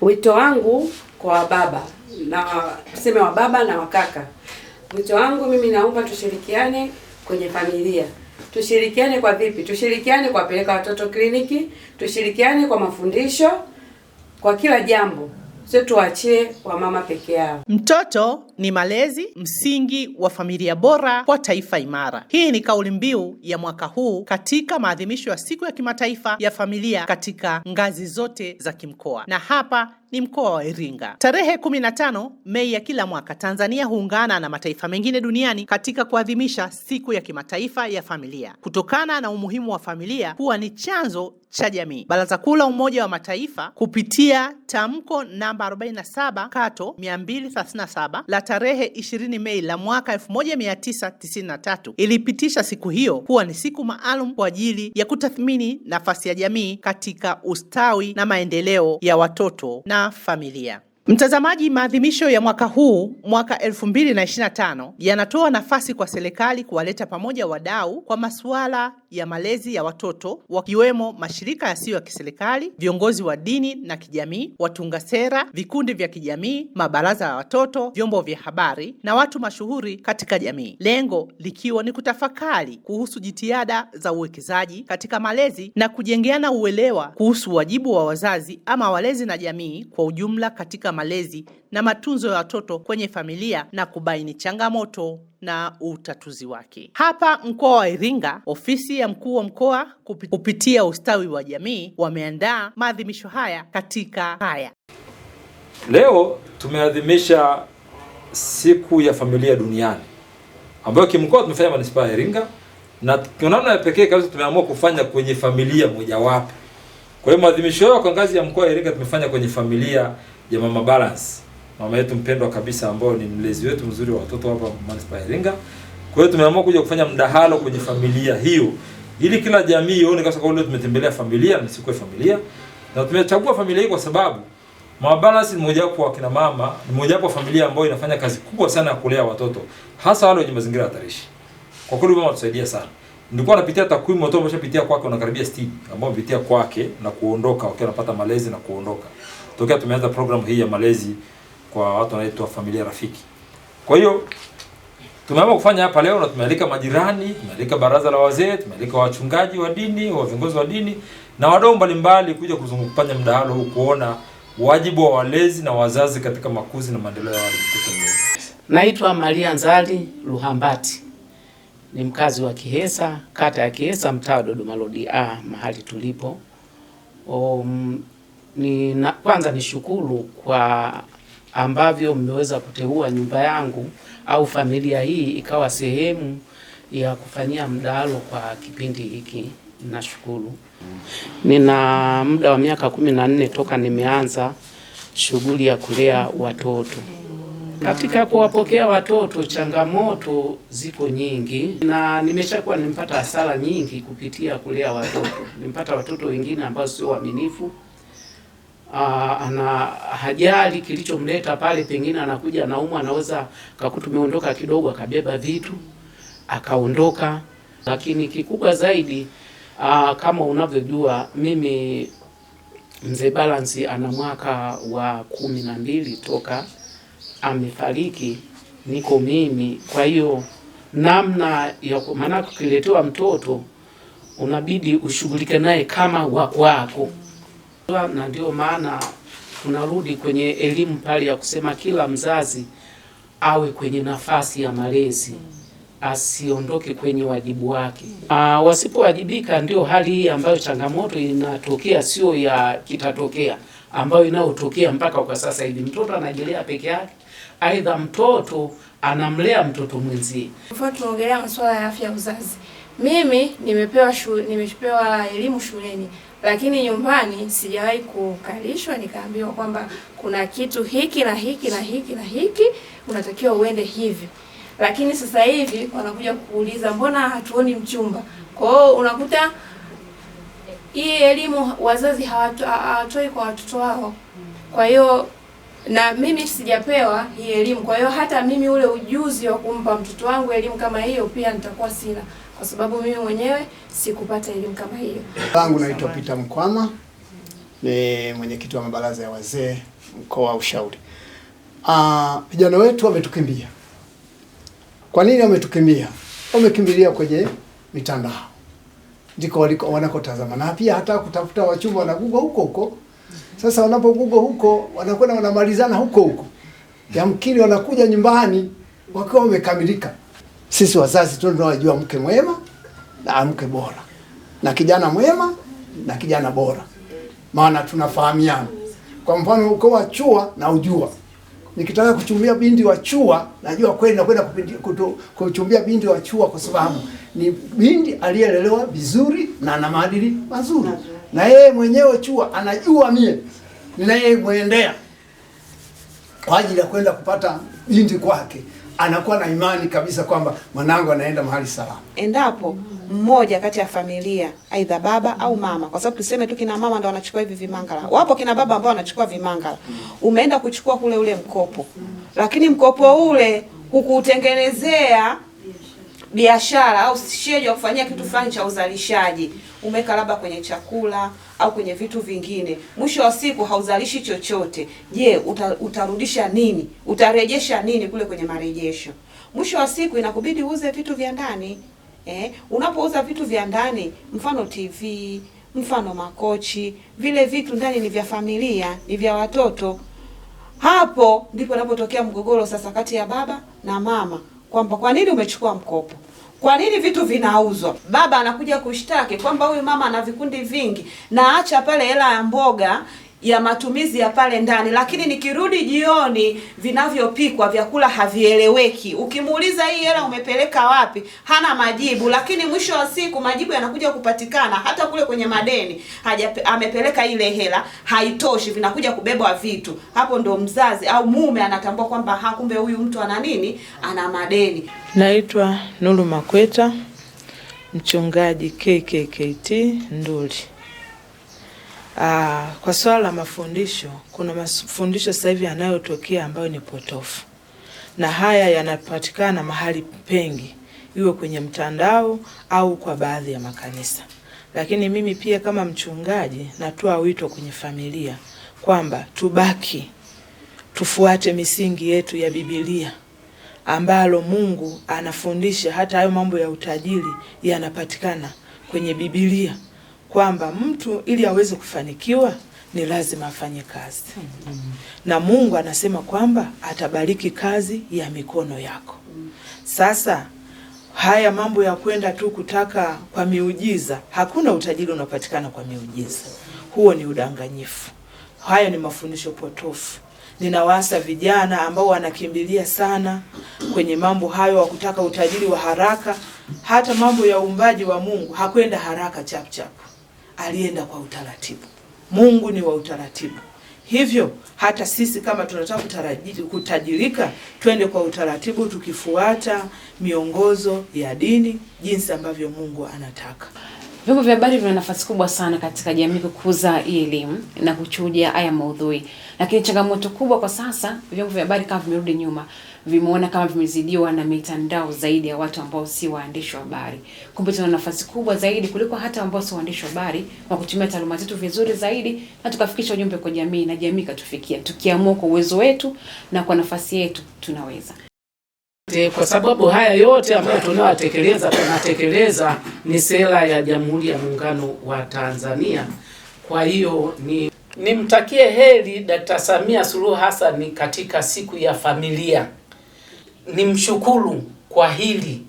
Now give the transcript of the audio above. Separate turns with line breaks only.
Wito wangu kwa wababa na tuseme wababa na wakaka, wito wangu mimi naomba tushirikiane kwenye familia. Tushirikiane kwa vipi? Tushirikiane kwa kupeleka watoto kliniki, tushirikiane kwa mafundisho, kwa kila jambo sio tuachie wamama peke yao.
Mtoto ni malezi msingi wa familia bora kwa taifa imara. Hii ni kauli mbiu ya mwaka huu katika maadhimisho ya siku ya kimataifa ya familia katika ngazi zote za kimkoa, na hapa ni mkoa wa Iringa. Tarehe 15 Mei ya kila mwaka, Tanzania huungana na mataifa mengine duniani katika kuadhimisha siku ya kimataifa ya familia, kutokana na umuhimu wa familia kuwa ni chanzo cha jamii. Baraza Kuu la Umoja wa Mataifa kupitia tamko namba 47 kato 237 la tarehe 20 Mei la mwaka 1993 ilipitisha siku hiyo kuwa ni siku maalum kwa ajili ya kutathmini nafasi ya jamii katika ustawi na maendeleo ya watoto na familia. Mtazamaji, maadhimisho ya mwaka huu mwaka 2025 yanatoa nafasi kwa serikali kuwaleta pamoja wadau kwa masuala ya malezi ya watoto wakiwemo mashirika yasiyo ya kiserikali, viongozi wa dini na kijamii, watunga sera, vikundi vya kijamii, mabaraza ya watoto, vyombo vya habari na watu mashuhuri katika jamii, lengo likiwa ni kutafakari kuhusu jitihada za uwekezaji katika malezi na kujengeana uelewa kuhusu wajibu wa wazazi ama walezi na jamii kwa ujumla katika malezi na matunzo ya watoto kwenye familia na kubaini changamoto na utatuzi wake. Hapa mkoa wa Iringa, ofisi ya mkuu wa mkoa kupitia ustawi wa jamii wameandaa maadhimisho haya katika haya.
Leo tumeadhimisha siku ya familia duniani ambayo kimkoa tumefanya manispaa ya Iringa na kwa namna ya pekee kabisa tumeamua kufanya kwenye familia mojawapo. Kwa hiyo maadhimisho hayo kwa ngazi ya mkoa wa Iringa tumefanya kwenye familia ya Mama Balance, mama yetu mpendwa kabisa, ambayo ni mlezi wetu mzuri wa watoto hapa Manispaa Iringa. Kwa hiyo tumeamua kuja kufanya mdahalo kwenye familia hiyo ili kila jamii ione kwa sababu leo tumetembelea familia na siku ya familia, na tumechagua familia hii kwa sababu Mama Balance ni mmoja wapo wa kina mama, ni mojawapo wa familia ambayo inafanya kazi kubwa sana ya kulea watoto hasa wale wenye mazingira hatarishi. Kwa kweli mama tusaidia sana. Nilikuwa napitia takwimu watoto wameshapitia kwake wanakaribia 60 ambao wamepitia kwake na kuondoka wakiwa wanapata malezi na kuondoka tokea tumeanza programu hii ya malezi kwa watu wanaitwa familia rafiki. Kwa hiyo tumeamua kufanya hapa leo na tumealika majirani, tumealika baraza la wazee, tumealika wachungaji wa dini, wa viongozi wa dini na wadau mbalimbali kuja kufanya mdahalo huu kuona wajibu wa walezi na wazazi katika makuzi na maendeleo ya mtoto.
Naitwa Maria Nzali Ruhambati ni mkazi wa Kihesa, kata ya Kihesa, mtaa wa Dodoma Road A, mahali tulipo. Um, ni na, kwanza nishukuru kwa ambavyo mmeweza kuteua nyumba yangu au familia hii ikawa sehemu ya kufanyia mdahalo kwa kipindi hiki. Nashukuru. Nina muda wa miaka kumi na nne toka nimeanza shughuli ya kulea watoto. Katika kuwapokea watoto, changamoto ziko nyingi, na nimeshakuwa nimpata hasara nyingi kupitia kulea watoto. Nimpata watoto wengine ambao sio waaminifu Uh, ana hajali kilichomleta pale, pengine anakuja anaumwa, anaweza kakutumeondoka kidogo, akabeba vitu akaondoka. Lakini kikubwa zaidi uh, kama unavyojua mimi mzee Balance ana mwaka wa kumi na mbili toka amefariki, niko mimi. Kwa hiyo namna ya maanake, ukiletewa mtoto unabidi ushughulike naye kama wakwako na ndio maana tunarudi kwenye elimu pale ya kusema kila mzazi awe kwenye nafasi ya malezi, asiondoke kwenye wajibu wake. Ah, wasipowajibika ndio hali hii ambayo changamoto inatokea, sio ya kitatokea, ambayo inayotokea mpaka kwa sasa hivi. Mtoto anajelea peke yake, aidha mtoto anamlea mtoto mwenzie.
Kwa tunaongelea masuala ya afya ya uzazi, mimi nimepewa shu, nimepewa elimu shuleni lakini nyumbani sijawahi kukalishwa nikaambiwa kwamba kuna kitu hiki na hiki na hiki na hiki unatakiwa uende hivi. Lakini sasa hivi wanakuja kuuliza mbona hatuoni mchumba? Kwa hiyo unakuta hii elimu wazazi hawatoi kwa watoto wao. Kwa hiyo na mimi sijapewa hii elimu, kwa hiyo hata mimi ule ujuzi wa kumpa mtoto wangu elimu kama hiyo pia nitakuwa sina kwa sababu mimi mwenyewe sikupata elimu kama hiyo.
Langu naitwa Peter Mkwama, ni mwenyekiti wa mabaraza ya wazee mkoa Ushauri. Ah, vijana wetu wametukimbia. Kwa nini wametukimbia? Wamekimbilia kwenye mitandao, ndiko waliko wanakotazama, na pia hata kutafuta wachumba wanagugo huko huko. Sasa wanapogugo huko, wanakwenda wanamalizana huko huko, yamkini wanakuja nyumbani wakiwa wamekamilika. Sisi wazazi tu wajua mke mwema na mke bora na kijana mwema na kijana bora, maana tunafahamiana. Kwa mfano uko wa Chua na ujua, nikitaka kuchumbia binti wa Chua najua kweli nakwenda kuchumbia binti wa Chua kwa sababu ni binti aliyelelewa vizuri na ana maadili mazuri, na yeye mwenyewe Chua anajua mie ninayemwendea kwa ajili ya kwenda kupata binti kwake anakuwa na imani kabisa kwamba mwanangu anaenda mahali salama.
Endapo mmoja kati ya familia, aidha baba au mama, kwa sababu tuseme tu kina mama ndo wanachukua hivi vimangala, wapo kina baba ambao wanachukua vimangala, umeenda kuchukua kule ule mkopo, lakini mkopo ule hukuutengenezea biashara au shejo ya kufanyia kitu fulani cha uzalishaji, umeweka labda kwenye chakula au kwenye vitu vingine, mwisho wa siku hauzalishi chochote. Je, uta, utarudisha nini? Utarejesha nini kule kwenye marejesho? Mwisho wa siku inakubidi uuze vitu vya ndani eh. Unapouza vitu vya ndani, mfano TV, mfano makochi, vile vitu ndani ni vya familia, ni vya watoto. Hapo ndipo unapotokea mgogoro sasa kati ya baba na mama kwamba kwa nini umechukua mkopo? Kwa nini vitu vinauzwa? Baba anakuja kushtaki kwamba huyu mama ana vikundi vingi, na acha pale hela ya mboga ya matumizi ya pale ndani, lakini nikirudi jioni, vinavyopikwa vyakula havieleweki. Ukimuuliza hii hela umepeleka wapi, hana majibu. Lakini mwisho wa siku majibu yanakuja kupatikana hata kule kwenye madeni, haja amepeleka ile hela, haitoshi, vinakuja kubebwa vitu. Hapo ndo mzazi au mume anatambua kwamba hakumbe huyu mtu ana nini, ana madeni.
Naitwa Nuru Makweta, mchungaji KKKT Nduli. Aa, ah, kwa swala la mafundisho, kuna mafundisho sasa hivi yanayotokea ambayo ni potofu, na haya yanapatikana mahali pengi, iwe kwenye mtandao au kwa baadhi ya makanisa. Lakini mimi pia kama mchungaji natoa wito kwenye familia kwamba tubaki tufuate misingi yetu ya Biblia ambalo Mungu anafundisha hata hayo mambo ya utajiri yanapatikana kwenye Biblia kwamba mtu ili aweze kufanikiwa ni lazima afanye kazi mm -hmm. na Mungu anasema kwamba atabariki kazi ya mikono yako mm -hmm. Sasa haya mambo ya kwenda tu kutaka kwa miujiza, hakuna utajiri unapatikana kwa miujiza, huo ni udanganyifu. Haya ni mafundisho potofu. Ninawaasa vijana ambao wanakimbilia sana kwenye mambo hayo, wa kutaka utajiri wa haraka. Hata mambo ya uumbaji wa Mungu hakwenda haraka chapchap chap alienda kwa utaratibu. Mungu ni wa utaratibu. Hivyo hata sisi kama tunataka kutajirika, twende kwa utaratibu, tukifuata miongozo ya dini jinsi ambavyo Mungu anataka.
Vyombo vya habari vina nafasi kubwa sana katika jamii kukuza elimu na kuchuja haya maudhui, lakini changamoto kubwa kwa sasa, vyombo vya habari kama vimerudi nyuma vimeona kama vimezidiwa na mitandao zaidi ya watu ambao si waandishi wa habari. Kumbe tuna nafasi kubwa zaidi kuliko hata ambao si waandishi wa habari kwa kutumia taaluma zetu vizuri zaidi na tukafikisha ujumbe kwa jamii na jamii katufikia. Tukiamua kwa uwezo wetu na kwa nafasi yetu tunaweza.
Eh, kwa sababu haya yote ambayo tunayotekeleza tunatekeleza ni sera ya Jamhuri ya Muungano wa Tanzania. Kwa hiyo ni nimtakie heri Dkt. Samia Suluhu Hassan katika siku ya familia nimshukuru kwa hili